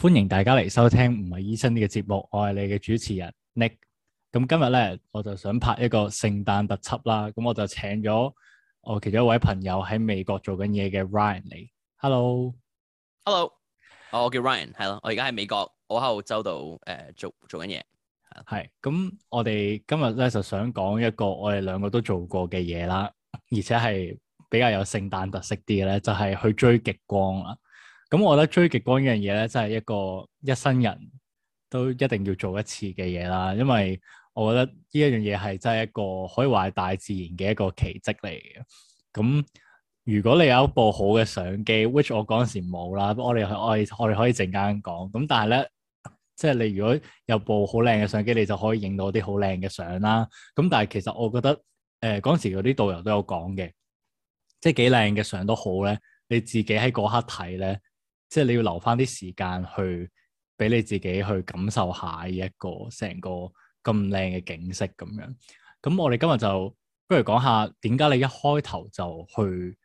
歡迎大家嚟收聽唔係醫生呢個節目，我係你嘅主持人 Nick。咁今日咧，我就想拍一個聖誕特輯啦。咁我就請咗我其中一位朋友喺美國做緊嘢嘅 Ryan 嚟。Hello，Hello，Hello、哦、我叫 Ryan，係咯，我而家喺美國，我喺澳洲度誒做做緊嘢。係，咁我哋今日咧就想講一個我哋兩個都做過嘅嘢啦，而且係比較有聖誕特色啲嘅咧，就係、是、去追極光啦。咁我覺得追極光呢樣嘢咧，真係一個一生人都一定要做一次嘅嘢啦。因為我覺得呢一樣嘢係真係一個可以話係大自然嘅一個奇蹟嚟嘅。咁、嗯、如果你有一部好嘅相機，which 我嗰陣時冇啦，我哋可我哋可你可以陣間講。咁但係咧，即係你如果有部好靚嘅相機，你就可以影到啲好靚嘅相啦。咁但係其實我覺得，誒嗰陣時嗰啲導遊都有講嘅，即係幾靚嘅相都好咧，你自己喺嗰刻睇咧。即係你要留翻啲時間去俾你自己去感受一下一個成個咁靚嘅景色咁樣。咁我哋今日就不如講下點解你一開頭就去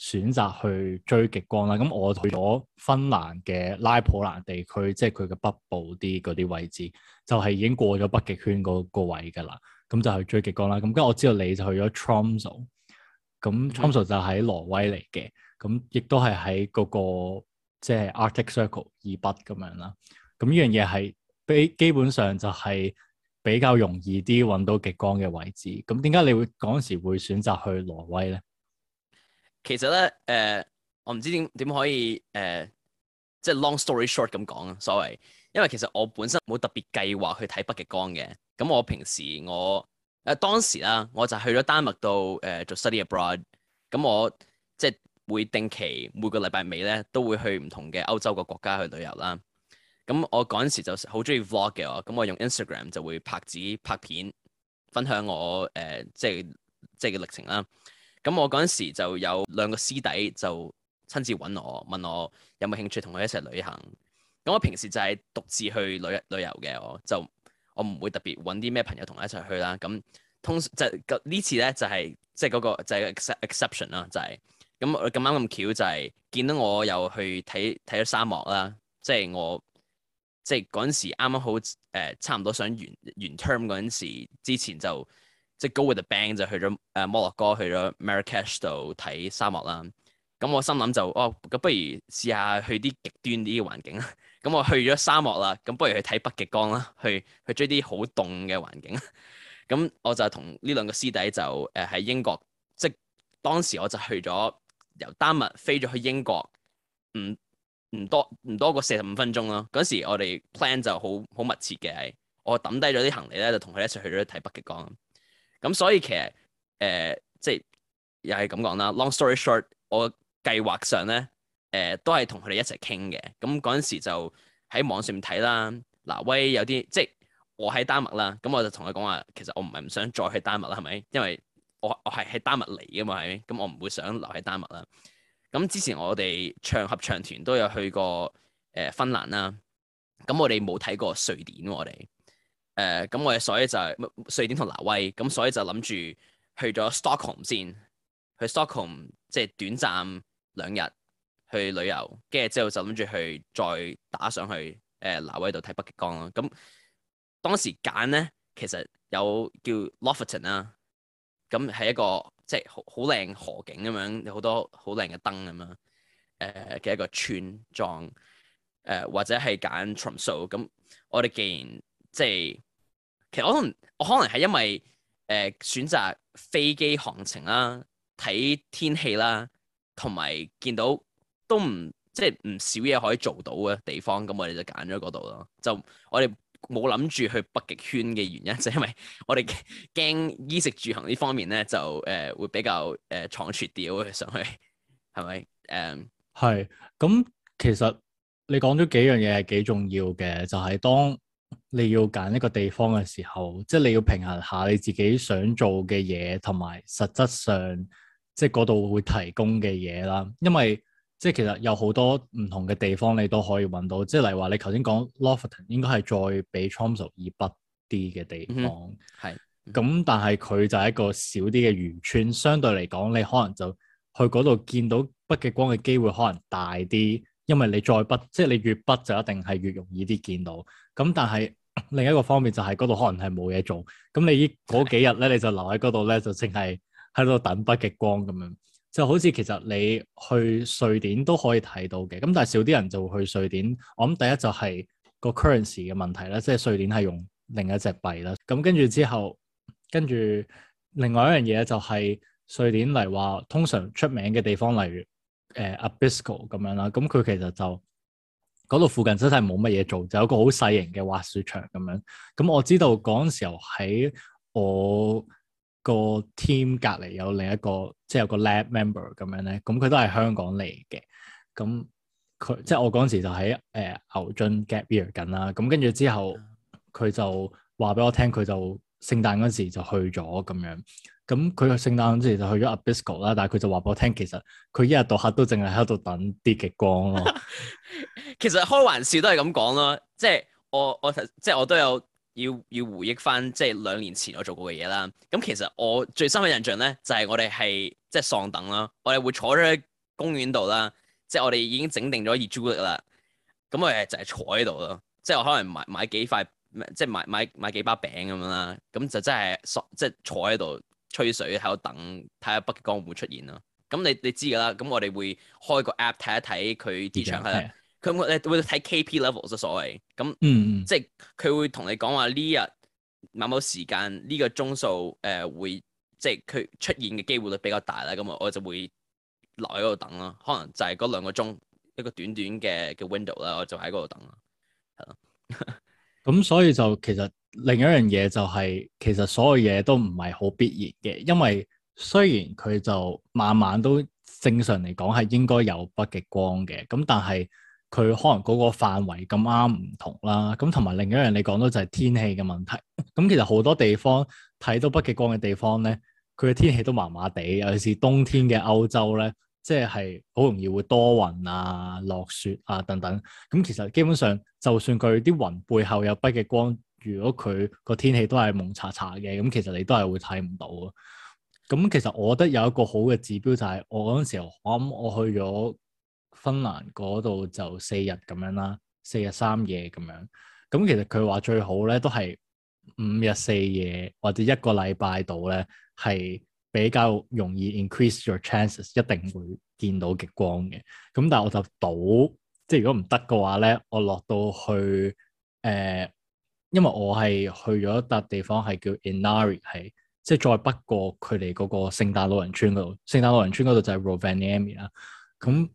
選擇去追極光啦。咁我去咗芬蘭嘅拉普蘭地區，即係佢嘅北部啲嗰啲位置，就係已經過咗北極圈嗰個位噶啦。咁就去追極光啦。咁跟住我知道你就去咗 Tromsø 咁 Tromsø 就喺挪威嚟嘅，咁亦都係喺嗰個。即係 Arctic Circle 以北咁樣啦，咁呢樣嘢係比基本上就係比較容易啲揾到極光嘅位置。咁點解你會嗰陣時會選擇去挪威咧？其實咧，誒、呃，我唔知點點可以誒、呃，即係 long story short 咁講啊，sorry，因為其實我本身冇特別計劃去睇北極光嘅。咁我平時我誒、呃、當時啦，我就去咗丹麥度誒做 study abroad。咁我即係。會定期每個禮拜尾咧，都會去唔同嘅歐洲嘅國家去旅遊啦。咁我嗰陣時就好鍾意 Vlog 嘅我，咁我用 Instagram 就會拍子拍片，分享我誒、呃、即係即係嘅歷程啦。咁我嗰陣時就有兩個師弟就親自揾我，問我有冇興趣同佢一齊旅行。咁我平時就係獨自去旅旅遊嘅，我就我唔會特別揾啲咩朋友同我一齊去啦。咁通就呢次咧就係即係嗰個就係 exception 啦，就係。就咁咁啱咁巧就係、是、見到我又去睇睇咗沙漠啦，即係我即係嗰陣時啱啱好誒、呃、差唔多想完完 term 嗰陣時，之前就即係 go with the band 就去咗誒摩洛哥去咗 Marrakech 度睇沙漠啦。咁、嗯、我心諗就哦，咁不如試下去啲極端啲嘅環境啦。咁、嗯、我去咗沙漠啦，咁不如去睇北極光啦，去去追啲好凍嘅環境。咁、嗯、我就同呢兩個師弟就誒喺、呃、英國，即係當時我就去咗。由丹麥飛咗去英國，唔唔多唔多過四十五分鐘咯。嗰時我哋 plan 就好好密切嘅係，我抌低咗啲行李咧，就同佢一齊去咗睇北極光。咁、嗯、所以其實誒、呃，即係又係咁講啦。Long story short，我計劃上咧誒、呃，都係同佢哋一齊傾嘅。咁嗰陣時就喺網上面睇啦。挪威有啲即係我喺丹麥啦，咁我就同佢講話，其實我唔係唔想再去丹麥啦，係咪？因為我我係喺丹麥嚟嘅嘛，係咪？咁我唔會想留喺丹麥啦。咁之前我哋唱合唱團都有去過誒、呃、芬蘭啦，咁我哋冇睇過瑞典喎我哋。誒、呃、咁我哋所以就係、瑞典同挪威，咁所以就諗住去咗 Stockholm 先，去 Stockholm 即係短暫兩日去旅遊，跟住之後就諗住去再打上去誒挪、呃、威度睇北極光咯。咁當時揀咧其實有叫 Lofoten 啦。咁係一個即係好好靚河景咁樣，有好多好靚嘅燈咁樣，誒、呃、嘅一個村莊，誒、呃、或者係揀 Tramsul。咁我哋既然即係、就是，其實我可能我可能係因為誒、呃、選擇飛機行程啦，睇天氣啦，同埋見到都唔即係唔少嘢可以做到嘅地方，咁我哋就揀咗嗰度咯。就我哋。冇諗住去北極圈嘅原因，就是、因為我哋驚衣食住行呢方面咧，就誒、呃、會比較誒倉促啲咯，呃、上去係咪？誒係咁，um, 其實你講咗幾樣嘢係幾重要嘅，就係、是、當你要揀一個地方嘅時候，即、就、係、是、你要平衡下你自己想做嘅嘢，同埋實質上即係嗰度會提供嘅嘢啦，因為。即係其實有好多唔同嘅地方，你都可以揾到。即係例如話，你頭先講 Lofton 應該係再比 Tromsø 以北啲嘅地方，係、mm。咁、hmm. 但係佢就係一個少啲嘅漁村，相對嚟講，你可能就去嗰度見到北極光嘅機會可能大啲，因為你再北，即、就、係、是、你越北就一定係越容易啲見到。咁但係另一個方面就係嗰度可能係冇嘢做，咁你嗰幾日咧你就留喺嗰度咧，就淨係喺度等北極光咁樣。就好似其實你去瑞典都可以睇到嘅，咁但係少啲人就會去瑞典。我諗第一就係個 currency 嘅問題啦，即係瑞典係用另一隻幣啦。咁跟住之後，跟住另外一樣嘢就係瑞典嚟話，通常出名嘅地方例如誒、呃、Abisko 咁樣啦。咁佢其實就嗰度附近真係冇乜嘢做，就有個好細型嘅滑雪場咁樣。咁我知道嗰陣時候喺我個 team 隔離有另一個，即係有個 lab member 咁樣咧，咁佢都係香港嚟嘅。咁佢即係我嗰陣時就喺誒、呃、牛津 gap year 緊啦。咁跟住之後，佢就話俾我聽，佢就聖誕嗰陣時就去咗咁樣。咁佢嘅聖誕嗰陣時就去咗 Abisko 啦，但係佢就話俾我聽，其實佢一日到黑都淨係喺度等啲極光咯。 其實開玩笑都係咁講啦，即係我我即係我都有。要要回憶返即係兩年前我做過嘅嘢啦，咁其實我最深刻印象咧就係、是、我哋係即係喪等啦，我哋會坐咗喺公園度啦，即係我哋已經整定咗熱朱古力啦，咁我哋就係坐喺度咯，即係我可能買買幾塊，即係買買買幾包餅咁樣啦，咁就真係喪，即係坐喺度吹水喺度等睇下北極光會，會出現咯。咁你你知㗎啦，咁我哋會開個 app 睇一睇佢啲長氣。佢會誒、嗯、會睇 KP level 即係所謂咁，即係佢會同你講話呢日某某時間呢、這個鐘數誒、呃、會即係佢出現嘅機會率比較大咧，咁我我就會留喺嗰度等咯。可能就係嗰兩個鐘一個短短嘅嘅 window 咧，wind ow, 我就喺嗰度等啦。係咯，咁 所以就其實另一樣嘢就係、是、其實所有嘢都唔係好必然嘅，因為雖然佢就晚晚都正常嚟講係應該有北極光嘅，咁但係。佢可能嗰個範圍咁啱唔同啦，咁同埋另一樣你講到就係天氣嘅問題。咁其實好多地方睇到北極光嘅地方咧，佢嘅天氣都麻麻地，尤其是冬天嘅歐洲咧，即係好容易會多雲啊、落雪啊等等。咁其實基本上，就算佢啲雲背後有北極光，如果佢個天氣都係蒙查查嘅，咁其實你都係會睇唔到。咁其實我覺得有一個好嘅指標就係、是、我嗰陣時候，我諗我去咗。芬蘭嗰度就四日咁樣啦，四日三夜咁樣。咁其實佢話最好咧，都係五日四夜或者一個禮拜度咧，係比較容易 increase your chances，一定會見到極光嘅。咁但係我就賭，即係如果唔得嘅話咧，我落到去誒、呃，因為我係去咗一笪地方係叫 Inari，係即係、就是、再北過佢哋嗰個聖誕老人村嗰度。聖誕老人村嗰度就係 Rovaniemi 啦，咁。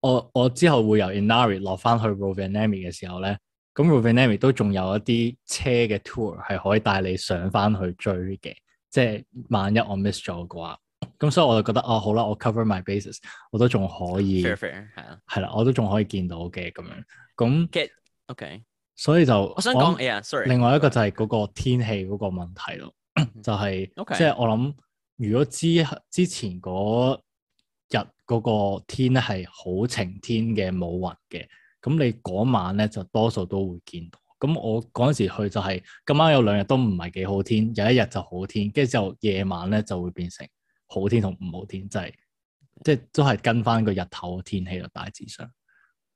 我我之後會由 Inari 落翻去 Rovaniemi 嘅時候咧，咁 Rovaniemi 都仲有一啲車嘅 tour 係可以帶你上翻去追嘅，即係萬一我 miss 咗嘅話，咁所以我就覺得哦，好啦，我 cover my bases，我都仲可以 fair fair 係啊，係啦 fair ,、yeah.，我都仲可以見到嘅咁樣，咁，ok，get 所以就 Okay. 我想講，sorry，另外一個就係嗰個天氣嗰個問題咯，就係，即係我諗如果之之前嗰、那個。日嗰個天咧係好晴天嘅，冇雲嘅。咁你嗰晚咧就多數都會見到。咁我嗰陣時去就係今晚有兩日都唔係幾好天，有一日就好天，跟住就夜晚咧就會變成好天同唔好天，就係即係都係跟翻個日頭嘅天氣喺大致上。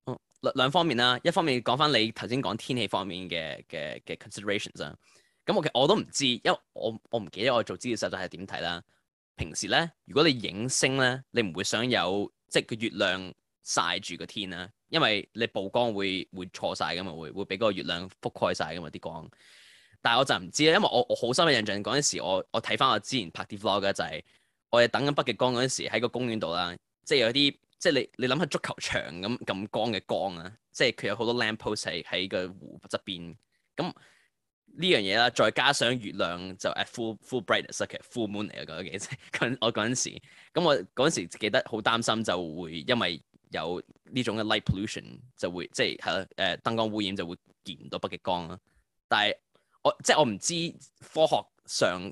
嗯、哦，兩方面啦，一方面講翻你頭先講天氣方面嘅嘅嘅 considerations 啊。咁我其實我都唔知，因為我我唔記得我做資料實際係點睇啦。平時呢，如果你影星呢，你唔會想有即係個月亮曬住個天啦，因為你曝光會會錯晒噶嘛，會會俾嗰個月亮覆蓋晒噶嘛啲光。但係我就唔知咧，因為我我好深嘅印象時，嗰陣時我我睇翻我之前拍啲 vlog 就係、是、我哋等緊北極光嗰陣時喺個公園度啦，即係有啲即係你你諗下足球場咁咁光嘅光啊，即係佢有好多 lamp post 喺個湖側邊咁。呢樣嘢啦，再加上月亮就誒 full full brightness 啊，其實 full moon 嚟嘅，我咁我嗰陣時，咁我嗰陣時記得好擔心，就會因為有呢種嘅 light pollution，就會即係係咯，誒、呃、燈光污染就會見唔到北極光啦。但係我即係我唔知科學上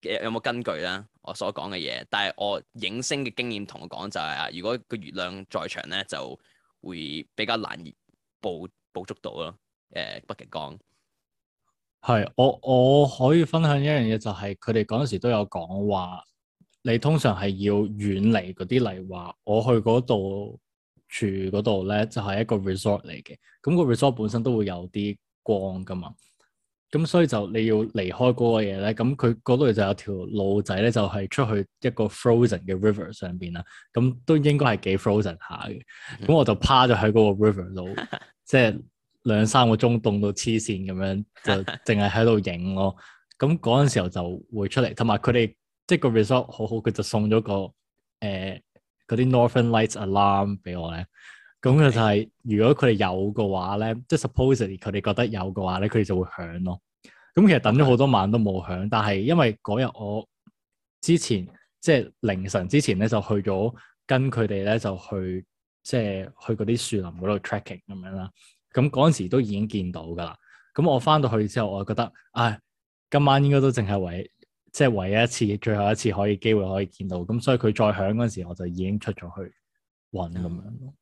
有冇根據啦，我所講嘅嘢。但係我影星嘅經驗同我講就係、是、啊，如果個月亮在場咧，就會比較難以捕捕捉到咯，誒、呃、北極光。係，我我可以分享一樣嘢，就係佢哋嗰陣時都有講話，你通常係要遠離嗰啲，例如話我去嗰度住嗰度咧，就係、是、一個 resort 嚟嘅，咁、個 resort 本身都會有啲光噶嘛，咁所以就你要離開嗰個嘢咧，咁佢嗰度就有條路仔咧，就係出去一個 frozen 嘅 river 上邊啦，咁都應該係幾 frozen 下嘅，咁我就趴咗喺嗰個 river 度，即、就、係、是。兩三個鐘凍到黐線咁樣，就淨係喺度影咯。咁嗰陣時候就會出嚟，同埋佢哋即係個 resort 好好，佢就送咗個誒嗰、呃、啲 Northern Lights alarm 俾我咧。咁佢就係如果佢哋有嘅話咧， 即係 supposedly 佢哋覺得有嘅話咧，佢哋就會響咯。咁其實等咗好多晚都冇響，但係因為嗰日我之前即係、就是、凌晨之前咧就去咗跟佢哋咧就去即係、就是、去嗰啲樹林嗰度 tracking 咁樣啦。咁嗰陣時都已經見到㗎啦。咁我返到去之後，我就覺得啊，今晚應該都淨係唯即係唯一一次、最後一次可以機會可以見到。咁所以佢再響嗰陣時，我就已經出咗去揾咁樣。嗯、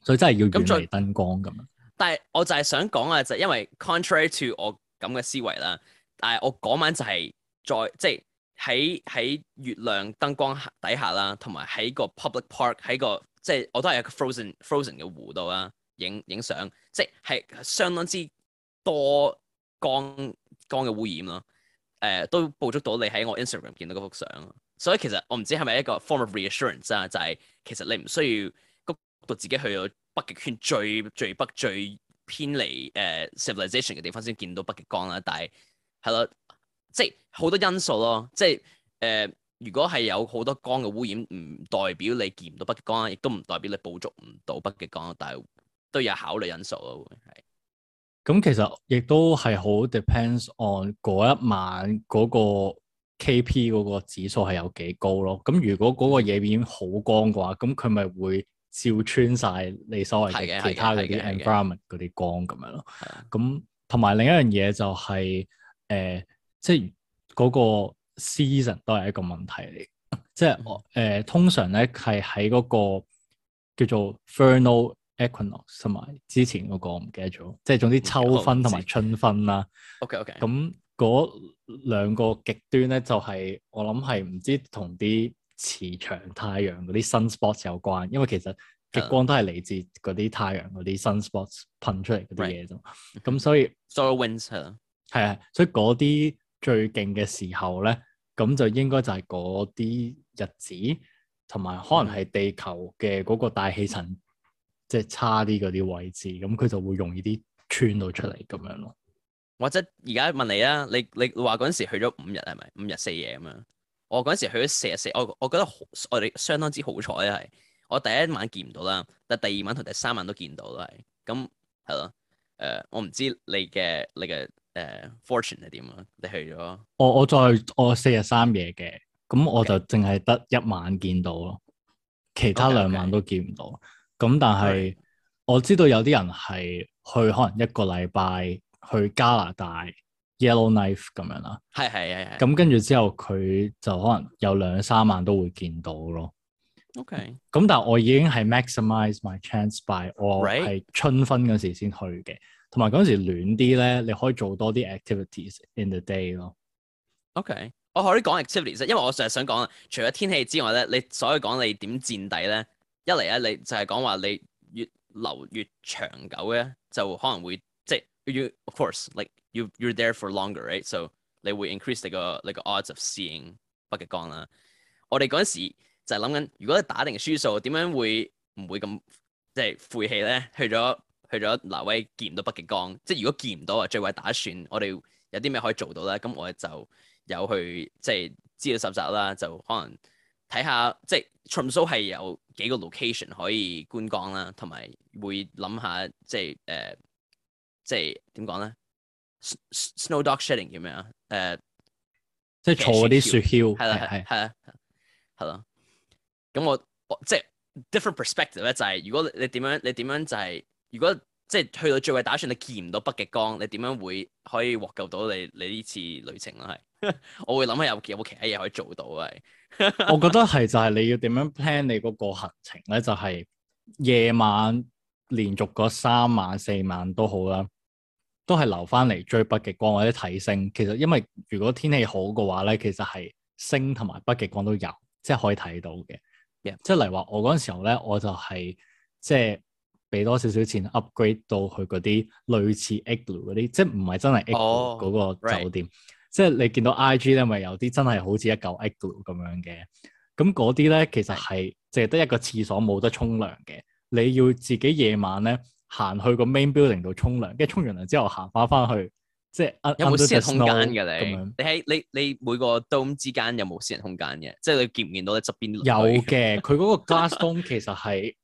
所以真係要遠離燈光咁、就是。但係我就係想講啊，就係因為 contrary to 我咁嘅思維啦。但係我嗰晚就係再即係喺喺月亮燈光底下啦，同埋喺個 public park 喺個即係、就是、我都係一個 zen, frozen frozen 嘅湖度啦。影影相，即係相當之多光光嘅污染咯。誒、呃，都捕捉到你喺我 Instagram 見到嗰幅相。所以其實我唔知係咪一個 form of reassurance 啊，就係其實你唔需要嗰度自己去到北極圈最最北最偏離誒、呃、civilization 嘅地方先見到北極光啦。但係係咯，即係好多因素咯。即係誒、呃，如果係有好多光嘅污染，唔代表你見唔到北極光啊，亦都唔代表你捕捉唔到北極光。但係都有考慮因素咯，會係。咁其實亦都係好 depends on 嗰一晚嗰個 KP 嗰個指數係有幾高咯。咁如果嗰個嘢已經好光嘅話，咁佢咪會照穿晒你所謂嘅其他嗰啲 environment 嗰啲光咁樣咯。咁同埋另一樣嘢就係、是、誒，即係嗰個 season 都係一個問題嚟。即係我誒通常咧係喺嗰個叫做 vernal。Equinox 同埋之前嗰個我唔記得咗，即係總之秋分同埋春分啦。OK OK。咁嗰兩個極端咧，就係、是、我諗係唔知同啲磁場、太陽嗰啲 sunspots 有關，因為其實極光都係嚟自嗰啲太陽嗰啲 sunspots 噴出嚟嗰啲嘢啫。咁 Right. 所以 s o So Winter 係啊，所以嗰啲最勁嘅時候咧，咁就應該就係嗰啲日子，同埋可能係地球嘅嗰個大氣層、mm。Hmm. 即係差啲嗰啲位置，咁佢就會容易啲穿到出嚟咁樣咯。或者而家問你啊，你你話嗰陣時去咗五日係咪？五日四夜咁樣。我嗰陣時去咗四日四，我我覺得好，我哋相當之好彩啊，係。我第一晚見唔到啦，但第二晚同第三晚都見到啦，係。咁係咯，誒、呃，我唔知你嘅你嘅誒 fortune 係點啊？你去咗？我我再我四日三夜嘅，咁我就淨係得一晚見到咯，其他 okay, okay. 兩晚都見唔到。咁但係我知道有啲人係去可能一個禮拜去加拿大 Yellowknife 咁樣啦，係係係，咁跟住之後佢就可能有兩三晚都會見到咯。OK。咁但係我已經係 maximize my chance by 我係春分嗰時先去嘅，同埋嗰時暖啲咧，你可以做多啲 activities in the day 咯。OK。我可以講 activities，因為我成日想講除咗天氣之外咧，你所謂講你點墊底咧？一嚟咧、啊，你就係講話你越留越長久咧，就可能會即係，of course，you you're there for longer，right？So 你會 increase 你個、like、你個 odds of seeing 北極光啦。我哋嗰陣時就係諗緊，如果你打定輸數，點樣會唔會咁即係晦氣咧？去咗去咗挪威見唔到北極光，即係如果見唔到啊，最壞打算，我哋有啲咩可以做到咧？咁我哋就有去即係資料蒐集啦，就可能。睇下即係，全數係有幾個 location 可以觀光啦，同埋會諗下即係誒，即係點講咧？Snow dog sledding 叫咩啊？誒、呃，即係、呃、坐嗰啲雪橇係啦係啦係啦，咁我，我即係 different perspective 咧，就係如果你點樣你點樣就係、是，如果即係去到最尾打算你見唔到北極光，你點樣會可以獲救到你你呢次旅程咧？係 我會諗下有有冇其他嘢可以做到係。 我覺得係就係你要點樣 plan 你嗰個行程咧，就係、是、夜晚連續嗰三晚四晚都好啦，都係留翻嚟追，追北極光或者睇星。其實因為如果天氣好嘅話咧，其實係星同埋北極光都有，即、就、係、是、可以睇到嘅。即係 Yeah. 例如話我嗰陣時候咧，我就係即係俾多少少錢 upgrade 到去嗰啲類似 igloo 嗰啲，即係唔係真係 igloo 嗰個酒店。Right. 即係你見到 IG 咧，咪有啲真係好似一嚿 igloo 咁樣嘅，咁嗰啲咧其實係淨係得一個廁所冇得沖涼嘅，你要自己夜晚咧行去個 main building 度沖涼，跟住沖完涼之後行翻翻去，即係有冇私人空間嘅你，樣你，你？你喺你你每個 dome 之間有冇私人空間嘅？即係你見唔見到咧側邊，邊有嘅的？佢嗰 個 glass dome 其實係誒、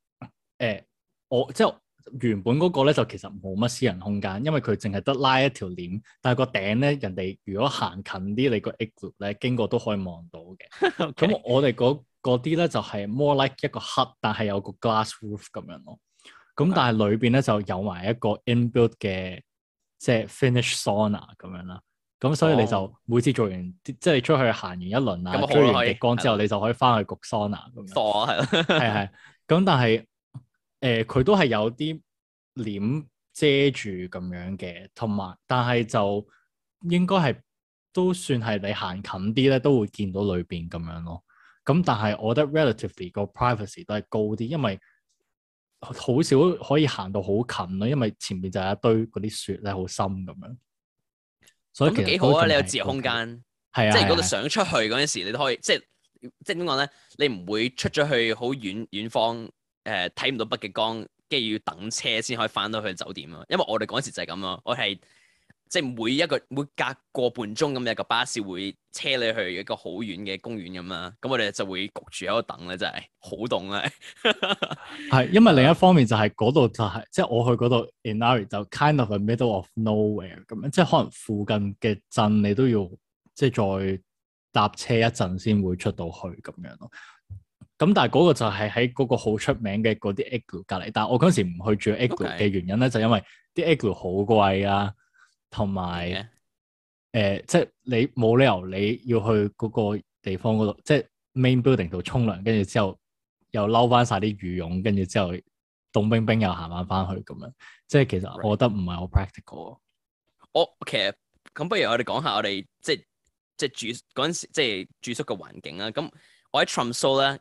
呃、我即係。原本嗰個咧就其實冇乜私人空間，因為佢淨係得拉一條簾。但係個頂咧，人哋如果行近啲，你個 igloo 咧經過都可以望到嘅。咁 Okay. 我哋嗰啲咧就係 more like 一個 hut，但係有個 glass roof 咁樣咯。咁但係裏邊咧就有埋一個 inbuilt 嘅即係、就是、Finnish sauna 咁樣啦。咁所以你就每次做完、oh. 即係出去行完一輪啦，做、嗯、完極光之後， 你就可以翻去焗 sauna 咁樣。傻係咁但係。嗯對吧 誒佢都係有啲簾遮住咁樣嘅，同埋但係就應該係都算係你行近啲咧，都會見到裏邊咁樣咯。咁但係我覺得 relatively 個 privacy 都係高啲，因為好少可以行到好近咯，因為前面就係一堆嗰啲雪咧，好深咁樣。所以幾好啊！是你有自由空間，即係 okay. 如果你想出去嗰陣時，的你都可以，即係即係點講咧？你唔會出咗去好遠遠方。誒，睇唔、呃、到北極光，跟住要等車先可以翻到去酒店咯。因為我哋嗰時就係咁咯，我係即係每一個每隔個半鐘咁，有一個巴士會車你去一個好遠嘅公園咁啦。咁我哋就會焗住喺度等咧，真係好凍啊！係 因為另一方面就係嗰度就係，即係我去嗰度 Inari 就 kind of a middle of nowhere 咁樣，即係可能附近嘅鎮你都要即係再搭車一陣先會出到去咁樣咯。咁但係嗰個就係喺嗰個好出名嘅嗰啲 igloo 隔籬，但係我嗰時唔去住 igloo 嘅原因咧，Okay. 就因為啲 igloo 好貴啊，同埋誒，即係你冇理由你要去嗰個地方嗰度，即係 Main Building 度沖涼，跟住之後又撈翻曬啲羽絨，跟住之後凍冰冰又行翻翻去咁樣，即係其實我覺得唔係好 practical。我其實咁，不如我哋講下我哋即係即係住嗰陣時即係住宿嘅環境啊。咁我喺 Tromsø 咧。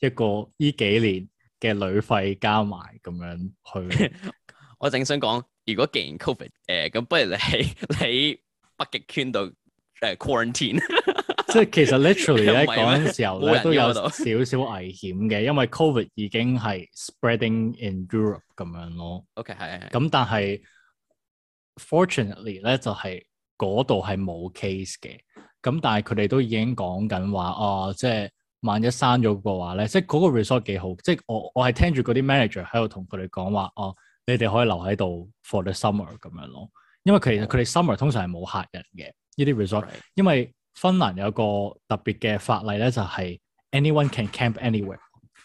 一個依幾年嘅旅費加埋咁樣去， 我正想講，如果既然 Covid 誒、呃、咁，不如你喺北極圈度誒、呃、quarantine， 即係其實 literally 咧嗰陣 不是 時候咧不是 都有少少危險嘅，因為 Covid 已經係 spreading in Europe 咁樣咯。OK，係，咁但係的 fortunately 咧就係嗰度係冇 case 嘅，咁但係佢哋都已經講緊話哦，即、啊、係。啊啊啊啊啊啊啊萬一閂咗嘅話咧，即係嗰個 resort 幾好，即係我我係聽住嗰啲 manager 喺度同佢哋講話，哦，你哋可以留喺度 for the summer 咁樣咯，因為其實佢哋 summer 通常係冇客人嘅呢啲 resort，因為芬蘭有個特別嘅法例咧，就係、是、anyone can camp anywhere，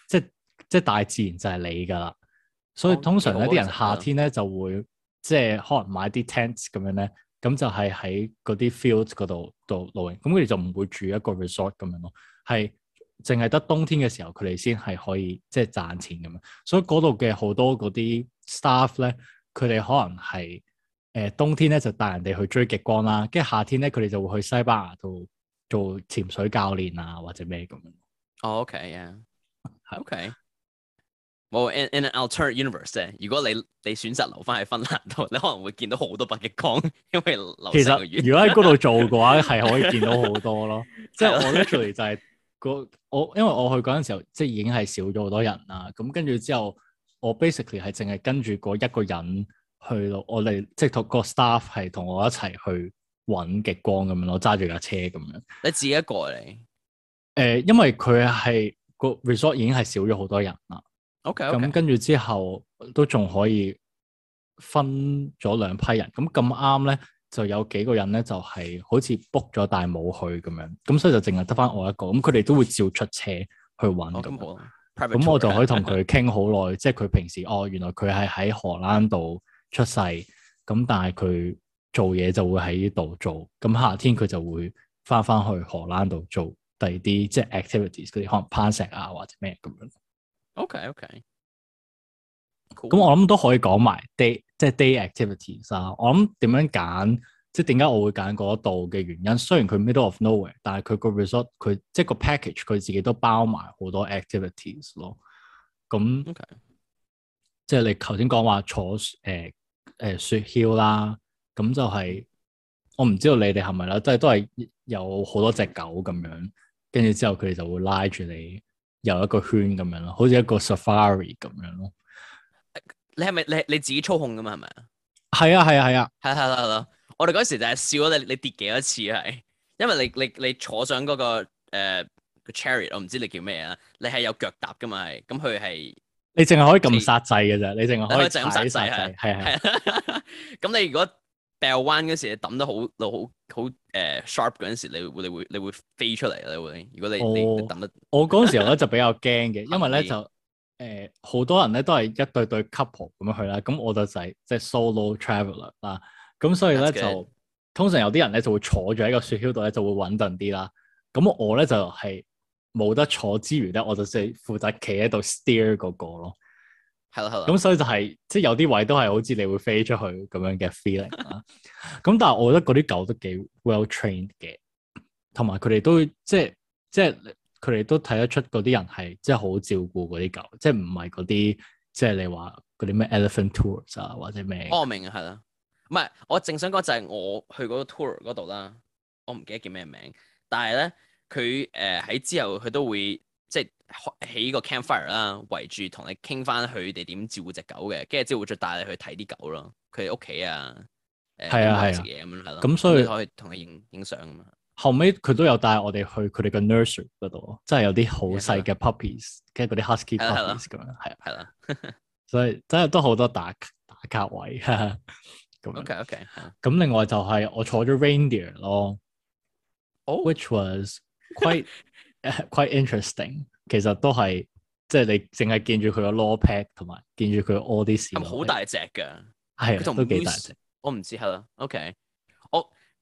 即係即係大自然就係你㗎啦，所以通常咧啲、哦、人夏天咧就會即係可能買啲 tents 咁樣咧，咁就係喺嗰啲 fields 嗰度度露營，咁佢哋就唔會住一個 resort 咁樣咯，係。淨係得冬天嘅時候，佢哋先係可以即係賺錢咁樣，所以嗰度嘅好多嗰啲 staff 咧，佢哋可能係誒、呃，冬天咧就帶人哋去追極光啦，跟住夏天咧佢哋就會去西班牙度做潛水教練啊或者咩咁。哦，Okay，yeah，okay。冇 in an alternate universe 如果你你選擇留翻喺芬蘭度，你可能會見到好多北極光。因為其實如果喺嗰度做嘅話，係 可以見到好多咯。即係 我 literally 就係、是。我因為我去嗰陣時候，即係已經係少咗好多人啦。咁跟住之後，我 basically 係淨係跟住嗰一個人去到。我哋即係同個 staff 係同我一齊去搵極光咁樣，我揸住架車咁樣。你自己一個嚟？誒、呃，因為佢係個 resort 已經係少咗好多人啦。OK，咁跟住之後都仲可以分咗兩批人。咁咁啱咧。就有幾個人咧，就係、是、好似 book 咗但冇去咁樣，咁所以就淨係得翻我一個。咁佢哋都會照出車去揾咁。咁、哦、我就可以同佢傾好耐，即係佢平時哦，原來佢係喺荷蘭度出世，咁但係佢做嘢就會喺呢度做。咁夏天佢就會翻翻去荷蘭度做第二啲即係 activities 嗰啲，就是、ivities, 可能攀石啊或者咩咁樣。OK OK、cool。咁我諗都可以講埋。即係 day activities 啊！我諗點樣揀，即係點解我會揀嗰度嘅原因？雖然佢 middle of nowhere，但係佢 res、就是、個 resort 佢即係個 package 佢自己都包埋好多 activities 咯。咁即係你頭先講話坐誒誒、呃呃、雪橇啦，咁就係、是、我唔知道你哋係咪啦，是都係都係有好多隻狗咁樣，跟住之後佢哋就會拉住你遊一個圈咁樣咯，好似一個 safari 咁樣咯。你係咪你你自己操控㗎嘛？係咪啊？係啊係啊係啊！係係咯係咯，我哋嗰時就係笑咗你你跌幾多次啊，係，因為你你你坐上嗰個誒 chariot，我唔知你叫咩啊，你係有腳踏㗎嘛係，咁佢係你淨係可以撳煞掣嘅咋，你淨係可以，咁煞掣係係啊。咁你如果掉彎嗰時抌得好好好誒 sharp 嗰陣時，你會你會你會飛出嚟你會。如果你你抌得，我嗰陣時我咧就比較驚嘅，因為咧就。誒，好、呃、多人咧都係一對對 couple 咁樣去啦，咁我就是、就係、是、即係 solo traveller 啦，咁所以咧 's 就通常有啲人咧就會坐住喺個雪橇度咧就會穩陣啲啦，咁我咧就係、是、冇得坐之餘咧，我就即係負責企喺度 steer 嗰個咯，係咯係咯，咁所以就係即係有啲位都係好似你會飛出去咁樣嘅 feeling 啦，咁 但係我覺得嗰啲狗都幾 well trained 嘅，同埋佢哋都即係即係。即佢哋都睇得出嗰啲人係即係好照顧嗰啲狗，即係唔係嗰啲即係你話嗰啲咩 elephant tours 啊或者咩？哦，明啊，係啦，唔係我淨想講就係我去嗰個 tour 嗰度啦，我唔記得叫咩名，但係咧佢誒喺之後佢都會即係起個 campfire 啦，圍住同你傾翻佢哋點照顧隻狗嘅，跟住之後會再帶你去睇啲狗咯，佢哋屋企啊，誒啊，食嘢咁樣係咯，咁所以可以同佢影影相咁嘛。後尾佢都有帶我哋去佢哋嘅 nursery 嗰度，即係有啲好細嘅 puppies，跟住嗰啲 husky puppies 咁樣，係啊係啦，所以真係都好多打打卡位咁。OK OK，咁另外就係我坐咗 reindeer 咯，which was quite 誒 quite interesting。其實都係即係你淨係見住佢個 law pack，同埋見住佢屙啲屎。咁好大隻噶，係啊，都幾大隻。我唔知係啦，OK。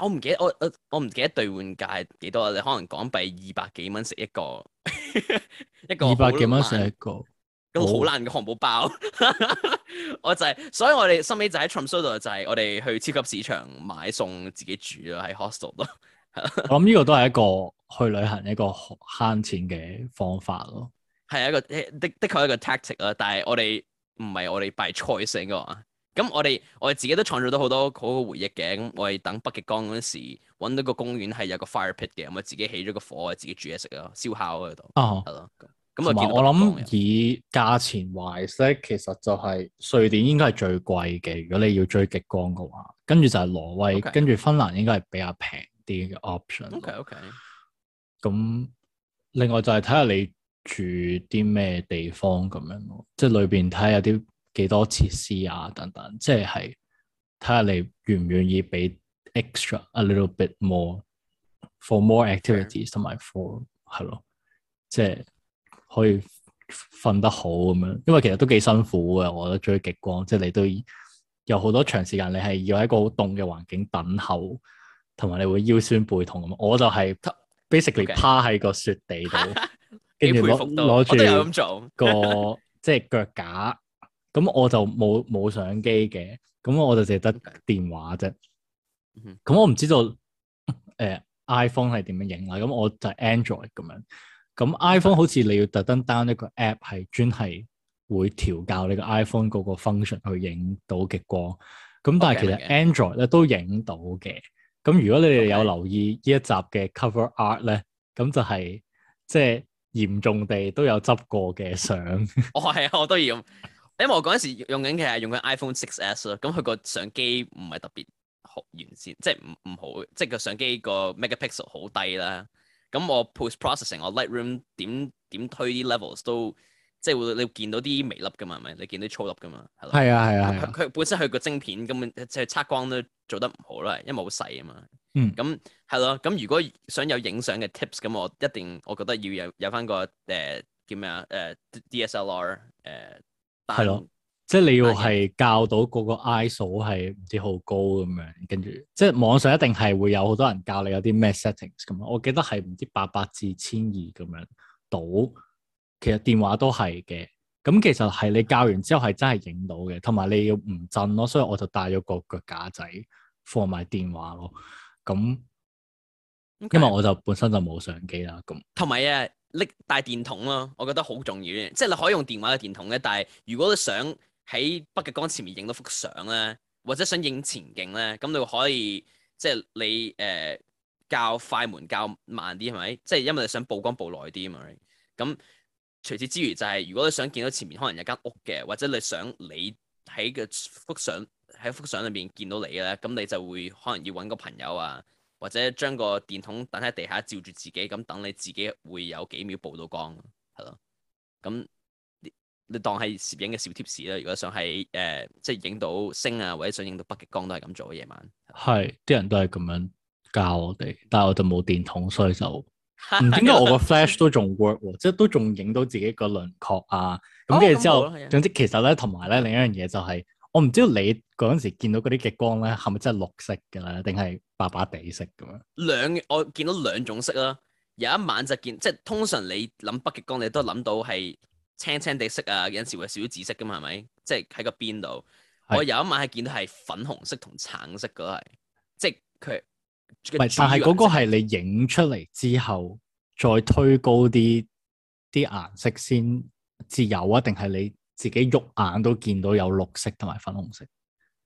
我唔記得我我我唔記得兌換價係幾多啊？你可能港幣二百幾蚊食一個， 一個二百幾蚊食一個，咁好爛嘅漢堡包。好 我就係、是，所以我哋收尾就喺 Trump Hotel 就係、是、我哋去超級市場買餸自己煮咯喺 hostel。Host 我諗呢個都係一個去旅行一個慳錢嘅方法咯。係 一個的的確係一個 tactic 啦，但係我哋唔係我哋 by choice 嘅話。咁我哋我哋自己都創造咗好多好嘅回憶嘅，咁我哋等北極光嗰陣時，揾到個公園係有個 fire pit 嘅，咁啊自己起咗個火，自己煮嘢食咯，燒烤喺度。啊，係咯。咁我諗以價錢為息，其實就係瑞典應該係最貴嘅，如果你要追極光嘅話，跟住就係挪威，跟住 Okay. 芬蘭應該係比較平啲嘅 option。OK OK。咁另外就係睇下你住啲咩地方咁樣咯，即係裏邊睇下有啲。幾多設施啊？等等，即係睇下你願唔願意俾 extra a little bit more for more activities，同埋 for 係咯，即係可以瞓得好咁樣。因為其實都幾辛苦嘅，我覺得追極光，即係你都有好多長時間，你係要喺一個好凍嘅環境等候，同埋你會腰酸背痛咁。我就係 basically 趴喺個雪地度，跟住攞攞住個，即係腳架。 咁我就冇冇相機嘅，咁我就淨係得電話啫。咁我唔知道，誒、呃、iPhone 係點樣影啦？咁我就 Android 咁樣。咁 iPhone 好似你要特登 down 一個 app，係專係會調校你個 iPhone 嗰個 function 去影到極光。咁但係其實 Android 咧都影到嘅。咁如果你哋有留意呢一集嘅 cover art 咧，咁就係即係嚴重地都有執過嘅相。我係、 哦啊，我都影。因為咁我嗰時用緊嘅係用緊 iPhone 6s 咯，咁佢個相機唔係特別好完善，即係唔唔好，即係個相機個 megapixel 好低啦。咁我 post processing 我 Lightroom 點點推啲 levels 都，即係會你會見到啲微粒噶嘛，係咪你見到粗粒噶嘛？係咯。係啊係啊。佢、啊、本身佢個晶片根本即係測光都做得唔好啦，因為好細啊嘛。咁係咯，咁、啊、如果想有影相嘅 tips，咁我一定我覺得要有有翻個誒、呃、叫咩啊？誒，DSLR 誒。DS LR，呃係咯、嗯，即係你要係教到嗰個 ISO 數係唔知好高咁樣，跟住即係網上一定係會有好多人教你有啲咩 settings 咁，我記得係唔知八百至千二咁樣到。其實電話都係嘅，咁其實係你教完之後係真係影到嘅，同埋你要唔震咯，所以我就帶咗個腳架仔放埋電話咯。咁 Okay. 因為我就本身就冇相機啦，咁同埋啊。拎大電筒咯，我覺得好重要。即係你可以用電話嘅電筒咧，但係如果你想喺北極光前面影到幅相咧，或者想影前景咧，咁你可以即係你誒較、呃、快門較慢啲，係咪？即係因為你想曝光曝耐啲啊嘛。咁除此之餘、就係，就係如果你想見到前面可能有間屋嘅，或者你想你喺個幅相喺幅相裏邊見到你咧，咁你就會可能要揾個朋友啊。或者將個電筒等喺地下照住自己，咁等你自己會有幾秒曝到光，係咯。咁你當係攝影嘅小貼士啦。如果想喺誒、呃、即係影到星啊，或者想影到北極光都係咁做夜晚。係啲人都係咁樣教我哋，但係我哋冇電筒，所以就唔應該我個 flash 都仲 work 喎，即係 都仲影到自己個輪廓啊。咁跟住之後，哦嗯、總之其實咧，同埋咧另一樣嘢就係、是就。是我唔知道你嗰陣時見到嗰啲極光咧，係咪真係綠色噶咧，定係白白地色咁樣？兩我見到兩種色啦，有一晚就見，即係通常你諗北極光，你都諗到係青青地色啊，有陣時會少少紫色噶嘛，係咪？即係喺個邊度？是我有一晚係見到係粉紅色同橙色噶，係即係佢係，但係嗰個係你影出嚟之後再推高啲啲顏色先至有啊？定係你？自己肉眼都見到有綠色同埋粉紅色，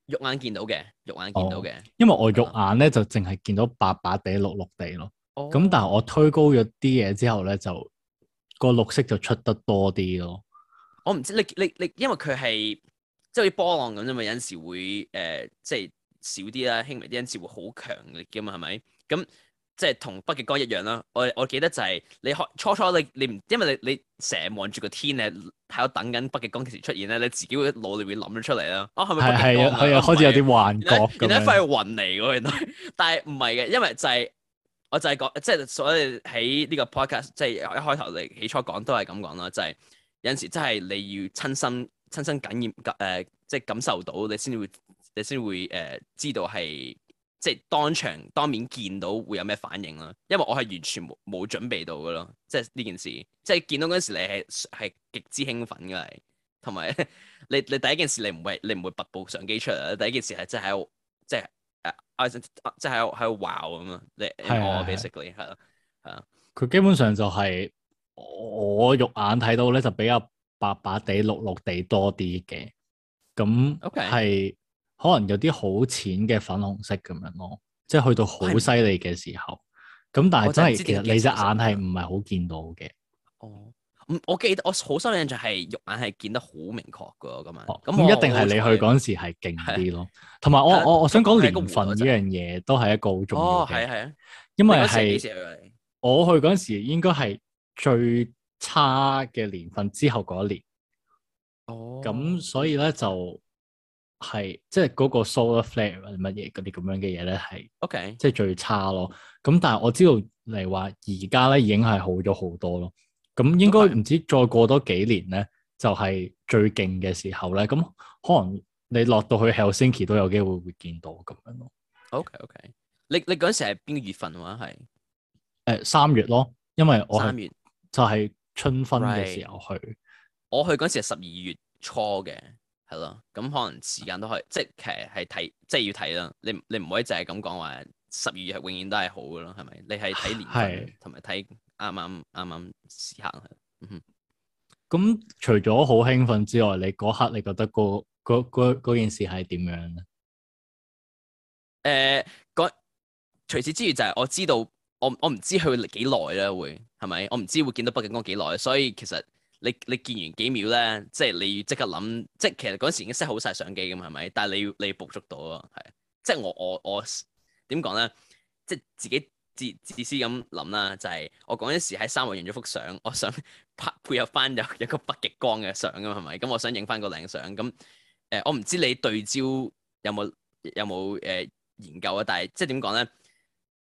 肉眼見到嘅，肉眼見到嘅、哦。因為我肉眼咧、嗯、就淨係見到白白地、綠綠地咯。咁、哦、但係我推高咗啲嘢之後咧，就個綠色就出得多啲咯。我唔知你你你，因為佢係即係好似波浪咁啫嘛，有陣時會誒即係少啲啦，輕微啲，有陣時會好強力嘅嘛，係咪？咁。即係同北極光一樣啦，我我記得就係你初初你你唔，因為你你成日望住個天咧，喺度等緊北極光嘅時出現咧，你自己會腦裏面諗咗出嚟啦。哦，係咪北極光啊？係係啊，佢又開始有啲幻覺咁樣。原來係來雲嚟喎，原來。但係唔係嘅，因為就係、是、我就係講，即、就、係、是、所以喺呢個 podcast，即係一開頭嚟起初講都係咁講啦，就係、是、有陣時真係你要親身親身感染，誒、呃，即、就、係、是、感受到你先會你先會誒、呃、知道係。即係當場當面見到會有咩反應啦，因為我係完全冇冇準備到噶咯，即係呢件事，即係見到嗰時你係係極之興奮嘅，你同埋你你第一件事你唔會你唔會拔部相機出嚟。第一件事係即係即係誒，即係喺度哇咁啊，你我 basically 係啦，係啊，佢、啊啊啊啊啊、基本上就係、係、我肉眼睇到咧就比較白白地綠綠地多啲嘅，咁係。Okay. 可能有啲好淺嘅粉紅色咁樣咯，即係去到好犀利嘅時候，咁但係真係其實你隻眼係唔係好見到嘅。哦，我記得我好深嘅印象係肉眼係見得好明確噶，咁樣。咁一定係你去嗰陣時係勁啲咯。同埋我我我想講年份呢樣嘢都係一個好重要嘅。哦，係係啊。因為係我去嗰陣時，應該係最差嘅年份之後嗰一年。哦。咁所以咧就。係即係嗰個 s o l a r f l a e 或乜嘢嗰啲咁樣嘅嘢咧，係，即係最差咯。咁但係我知道嚟話而家咧已經係好咗好多咯。咁應該唔知再過多幾年咧，Okay. 就係最勁嘅時候咧。咁可能你落到去 h 星期都有機會會見到咁樣咯。OK OK，你你嗰陣時係邊個月份話、啊、係？誒，三、呃、月咯，因為我三月就係春分嘅時候去，Right. 去。我去嗰陣時係十二月初嘅。係咯，咁可能時間都可即係其實係睇，即係要睇啦。你你唔可以淨係咁講話十二月係永遠都係好噶咯，係咪？你係睇年份，同埋睇啱啱啱啱時行。嗯，咁除咗好興奮之外，你嗰刻你覺得嗰件事係點樣咧？誒、呃，除此之外就係我知道，我道我唔知佢幾耐啦，會係咪？我唔知會見到北京嗰幾耐，所以其實。你你見完幾秒咧，即係你要即刻諗，即係其實嗰陣時已經 set 好晒相機噶嘛，係咪？但係你要你要捕捉到咯，係，即係我我我點講咧，即係自己自自，自私咁諗啦，就係、是、我嗰陣時喺沙漠影咗幅相，我想拍配合翻有，有一個北極光嘅相噶嘛，係咪？咁我想影翻個靚相咁，誒、呃、我唔知你對焦有冇有冇誒、呃、研究啊，但係即係點講咧？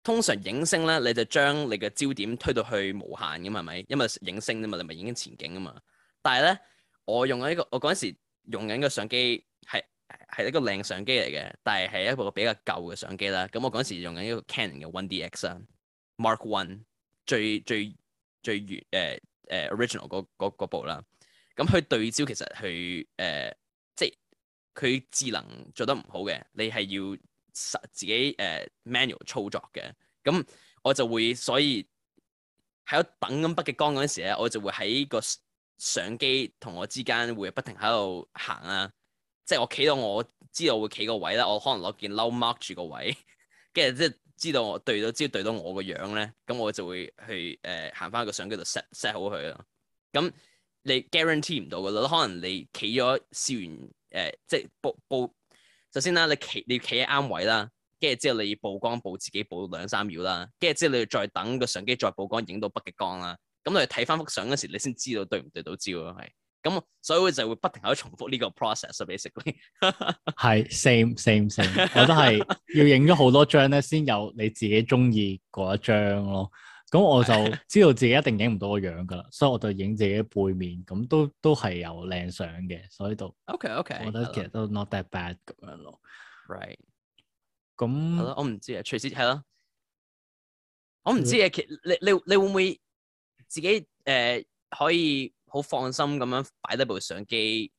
通常影星咧，你就將你嘅焦點推到去無限嘅嘛，係咪？因為影星啫嘛，你咪影緊前景啊嘛。但係咧，我用緊呢個，我嗰陣時用緊嘅相機係係一個靚相機嚟嘅，但係係一個比較舊嘅相機啦。咁我嗰陣時用緊一個 Canon 嘅 1DX Mark One，最最最原誒誒 original 嗰部啦。咁、嗰個、佢、嗰個、對焦其實佢，誒、uh，即係佢智能做得唔好嘅，你係要。自己誒、uh, manual 操作嘅，咁我就會所以喺度等緊北極光嗰陣時咧，我就會喺個相機同我之間會不停喺度行啦。即係我企到我知道我會企個位啦，我可能攞件褸 mark 住個位，跟住即係知道我對到只要對到我個樣咧，咁我就會去誒行翻個相機度 set set 好佢咯。咁你 guarantee 唔到噶啦，可能你企咗試完誒，uh, 即係布布。首先啦，你企你企喺啱位啦，跟住之後你要曝光，曝自己曝光兩三秒啦，跟住之後你要再等個相機再曝光，影到北極光啦。咁你睇翻幅相嗰時，你先知道對唔對到焦咯，係。咁所以我就會不停喺度重複呢個 process，basically 係，same，same，same。 我都係要影咗好多張咧，先有你自己中意嗰一張咯。咁 我就知道自己一定影唔到個樣噶啦，所以我就影自己背面，咁都都係有靚相嘅，所以都 OK OK，我覺得其實都 not that bad，咁樣咯。Right，咁係咯，我唔知 啊，隨時係咯，我唔知啊，其你你你會唔會自己誒、uh, 可以好放心咁樣擺低部相機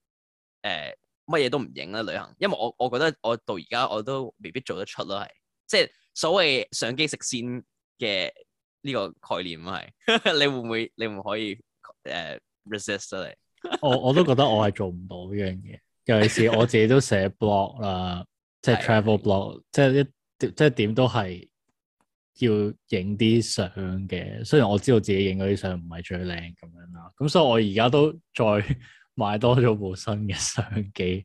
誒，乜嘢都唔影啦，旅行，因為我我覺得我到而家我都未必做得出咯，係即係所謂相機食先嘅。呢個概念係，你會唔會？你唔可以誒 resist 呢、啊？我我都覺得我係做唔到呢樣嘢，尤其是我自己都寫 blog 啦，即係 travel blog，即係一即係點都係要影啲相嘅。雖然我知道自己影嗰啲相唔係最靚咁樣啦，咁所以我而家都再買多咗部新嘅相機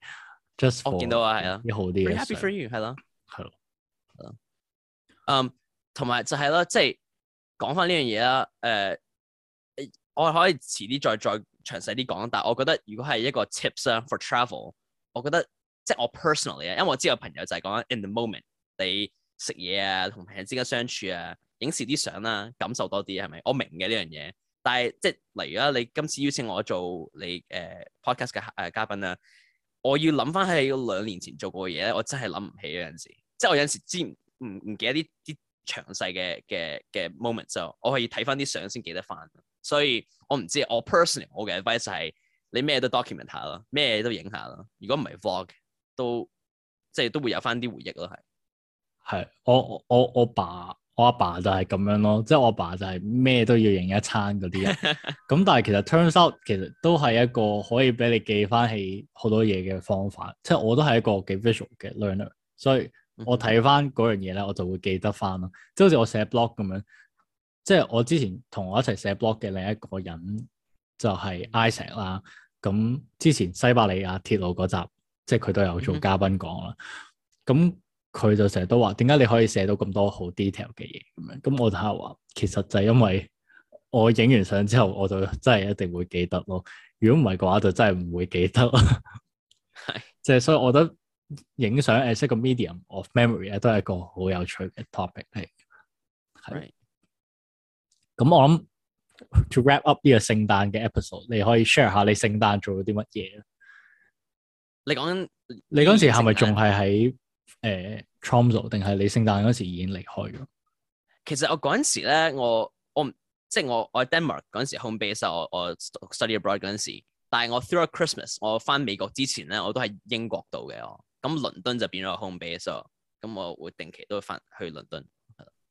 ，just 我見到啊，係啦，一好啲。嘅。Happy for you，係啦，係咯，係、um, 咯、就係，嗯，同埋就係啦，即係。講翻呢樣嘢啦，誒、呃，我可以遲啲再再詳細啲講，但係我覺得如果係一個 tips for travel，我覺得即係我 personally 嘅，因為我知道有朋友就係講緊 in the moment，你食嘢啊，同朋友之間相處啊，影攝啲相啊，感受多啲係咪？我明嘅呢樣嘢，但係即係例如啦，你今次邀請我做你誒、呃、podcast 嘅誒嘉賓啦，我要諗翻喺兩年前做過嘅嘢咧，我真係諗唔起嗰陣時，即係我有陣時知唔唔記得啲啲。詳細嘅嘅嘅 moment 就，我可以睇翻啲相先記得翻，所以我唔知，我 personally 我嘅 advice 就係你咩都 document 下咯，咩都影下咯。如果唔係 vlog 都即係都會有翻啲回憶咯，係。係，我我我我爸我阿爸就係咁樣咯，即係我阿爸就係咩都要影一餐嗰啲人。咁 但係其實 turns out 其實都係一個可以俾你記翻起好多嘢嘅方法，即係我都係一個幾 visual 嘅 learner，所以。 我睇翻嗰樣嘢咧，我就會記得翻咯，即係好似我寫 blog 咁樣，即係我之前同我一齊寫 blog 嘅另一個人就係 Isaac、啊、啦，咁之前西伯利亞鐵路嗰集，即係佢都有做嘉賓講啦，咁、啊、佢、嗯、就成日都話，點解你可以寫到咁多好 detail 嘅嘢咁樣？咁我就係話，其實就係因為我影完相之後，我就真係一定會記得咯，如果唔係嘅話，就真係唔會記得咯，係 是，即係所以我覺得。.影相誒，即係個 medium of memory 咧，都係一個好有趣嘅 topic 嚟。係 Right.、嗯，咁我諗，to wrap up 呢個聖誕嘅 episode，你可以 share 下你聖誕做咗啲乜嘢？你講說緊，你嗰時係咪仲係喺誒 Thomson 定係你聖誕嗰時已經離開咗？其實我嗰陣時咧，我我即係我我 Denmark 嗰陣時 home base，我我 study abroad 嗰陣時，但係我 through Christmas，我翻美國之前咧，我都喺英國度嘅。咁倫敦就變咗 home base 咯，咁我會定期都返去倫敦，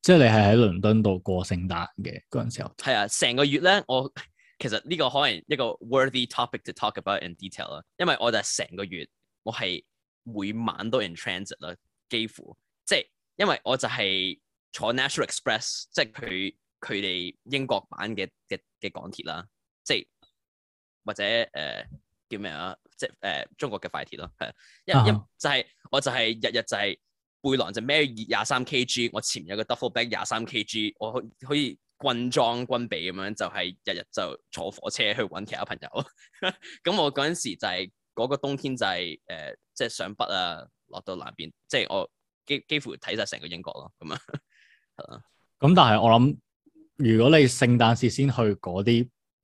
即係你係喺倫敦度過聖誕嘅嗰陣時候？係啊，成個月咧，我其實呢個可能一個 worthy topic to talk about in detail 啦，因為我就係成個月我係每晚都 in transit 啦，幾乎即係因為我就係坐 natural express，即係佢佢哋英國版嘅嘅嘅港鐵啦，即係或者誒。呃叫咩？呃、啊，即係誒中國嘅快鐵咯，係啊，因因就係我就係日日就係、是、背囊就孭廿三 KG，我攢咗個 double back 廿三 KG，我可以可以軍裝軍備咁樣就係日日就坐火車去揾其他朋友。咁 我嗰陣時就係、是、嗰、那個冬天就係、是、誒，即、呃、係、就是、上北啊，落到南邊，即、就、係、是、我基幾、幾乎睇晒成個英國咯，咁 啊的，係啊。咁但係我諗，如果你聖誕節先去嗰啲。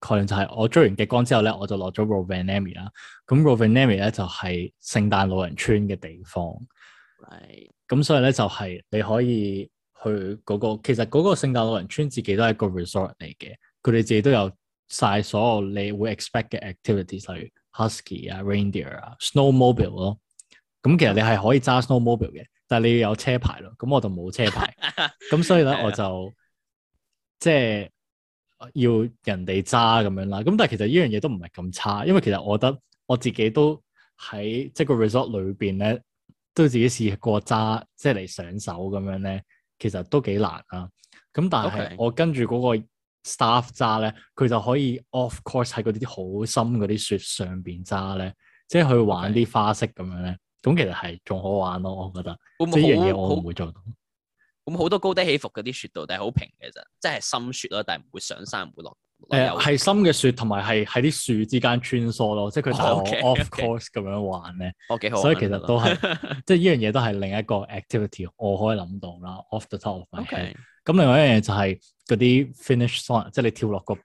概念就係我追完極光之後咧，我就落咗 Rovaniemi 啦。咁 Rovaniemi 咧就係聖誕老人村嘅地方。係。咁所以咧就係你可以去嗰個，其實嗰個聖誕老人村自己都係一個 resort 嚟嘅。佢哋自己都有晒所有你會 expect 嘅 activities，例如 husky 啊、reindeer 啊、snowmobile 咯。咁其實你係可以揸 snowmobile 嘅，但係你要有車牌咯。咁我就冇車牌，咁 所以咧我就 即係。要人哋揸咁樣啦，咁但係其實呢樣嘢都唔係咁差，因為其實我覺得我自己都喺即係個 resort 裏邊咧，都自己試過揸，即係嚟上手咁樣咧，其實都幾難啊。咁但係我跟住嗰個 staff 揸咧，佢就可以 off course 喺嗰啲好深嗰啲雪上邊揸咧，即係去玩啲花式咁樣咧，咁 Okay. 其實係仲好玩咯，我覺得。呢樣嘢我唔會做到。咁好多高低起伏嗰啲雪道底係好平嘅啫，即係深雪咯，但係唔會上山唔會落。誒係、呃、深嘅雪，同埋係喺啲樹之間穿梭咯，即係佢走 off course 咁、哦 okay, okay. 樣玩咧。O、哦、好。所以其實都係 即係呢樣嘢都係另一個 activity，我可以諗到啦。Off the top of my head。O K。咁另外一樣嘢就係嗰啲 finish zone，即係你跳落個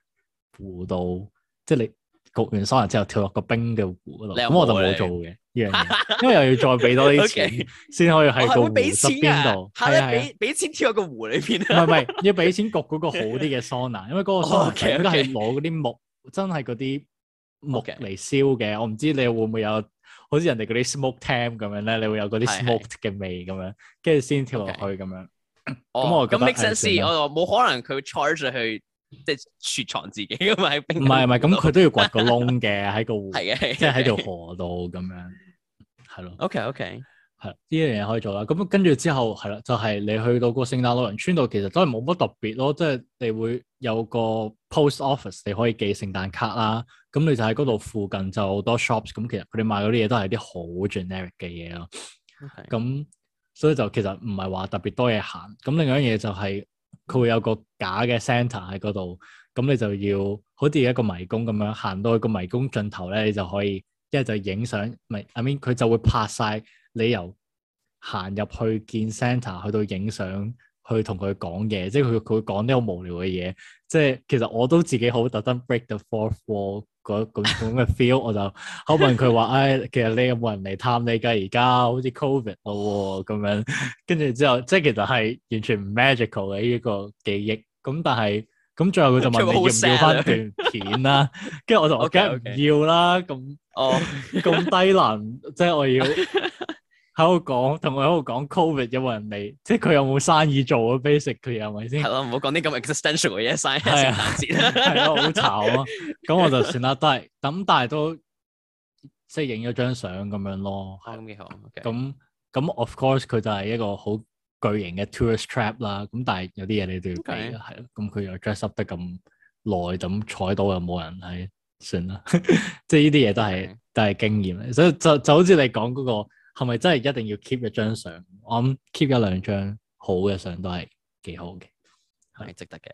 湖度，即係你。焗完桑拿之後跳落個冰嘅湖度，咁我，我就冇做嘅呢樣嘢，因為又要再俾多啲錢先 Okay. 可以喺個湖側邊度，係 啊，俾錢跳入個湖裏邊。唔係唔係，要俾錢焗嗰個好啲嘅桑拿， 因為嗰個桑拿應該係攞嗰啲木，真係嗰啲木嚟燒嘅。Okay. 我唔知你會唔會有好似人哋嗰啲 smoke tent 咁樣咧，你會有嗰啲 smoked 嘅味咁 樣，跟住先跳落去咁樣。咁我咁 make s makes e n、 嗯、我冇可能佢 charge 去。即係雪藏自己噶嘛，喺冰。唔係唔係，咁佢都要掘個窿嘅，喺個湖，即係喺條河度咁樣，係咯。OK OK，係呢樣嘢可以做啦。咁跟住之後係啦，就係、是、你去到個聖誕老人村度，其實都係冇乜特別咯。即係你會有個 post office，你可以寄聖誕卡啦。咁你就喺嗰度附近就好多 shops，咁其實佢哋賣嗰啲嘢都係啲好 generic 嘅嘢咯。咁 Okay. 所以就其實唔係話特別多嘢行。咁另外一樣嘢就係、是。佢會有個假嘅 Santa 喺嗰度，咁你就要好似一個迷宮咁樣行到去個迷宮盡頭咧，你就可以一係就影相，唔係，I mean 佢就會拍晒你由行入去見 Santa 去到影相，去同佢講嘢，即係佢佢會講啲好無聊嘅嘢，即係其實我都自己好特登 break the fourth wall。嗰咁咁嘅 feel 我就，好問佢話，誒，其實你有冇人嚟探你噶？而家好似 covid 咯，咁樣，跟住之後，即係其實係完全唔 magical 嘅呢一個記憶，咁但係，咁最後佢就問你要唔要翻段片啦，啊，跟住 我就我梗係唔要啦，咁，哦，咁低能，即係我要。 喺度講，同我喺度講，Covid 有冇人理？即係佢有冇生意做啊？Basically 係咪先？係咯，唔好講啲咁 existential 嘅嘢，刪一節，好吵啊！咁我就算啦，都係，咁但係都即係影咗張相咁樣咯。咁嘅好，咁咁，of course 佢就係一個好巨型嘅 tourist trap 啦。咁但係有啲嘢你都要計係咯，咁佢又 dress up 得咁耐，咁踩到又冇人喺，算啦。即係呢啲嘢都係都係經驗嚟，所以就就好似你講嗰個。係咪真係一定要 keep 一張相？我諗 keep 一兩張好嘅相都係幾好嘅，係值得嘅。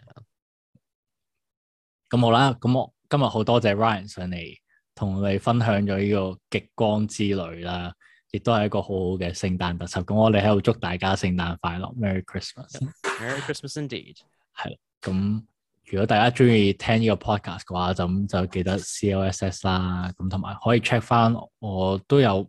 咁好啦，咁我今日好多謝 Ryan 上嚟同我哋分享咗呢個極光之旅啦，亦都係一個好好嘅聖誕特輯。咁我哋喺度祝大家聖誕快樂，Merry Christmas，yep, Merry Christmas indeed 係，咁如果大家中意聽呢個 podcast 嘅話，就咁就記得 CLS 啦，咁同埋可以 check 翻我都有。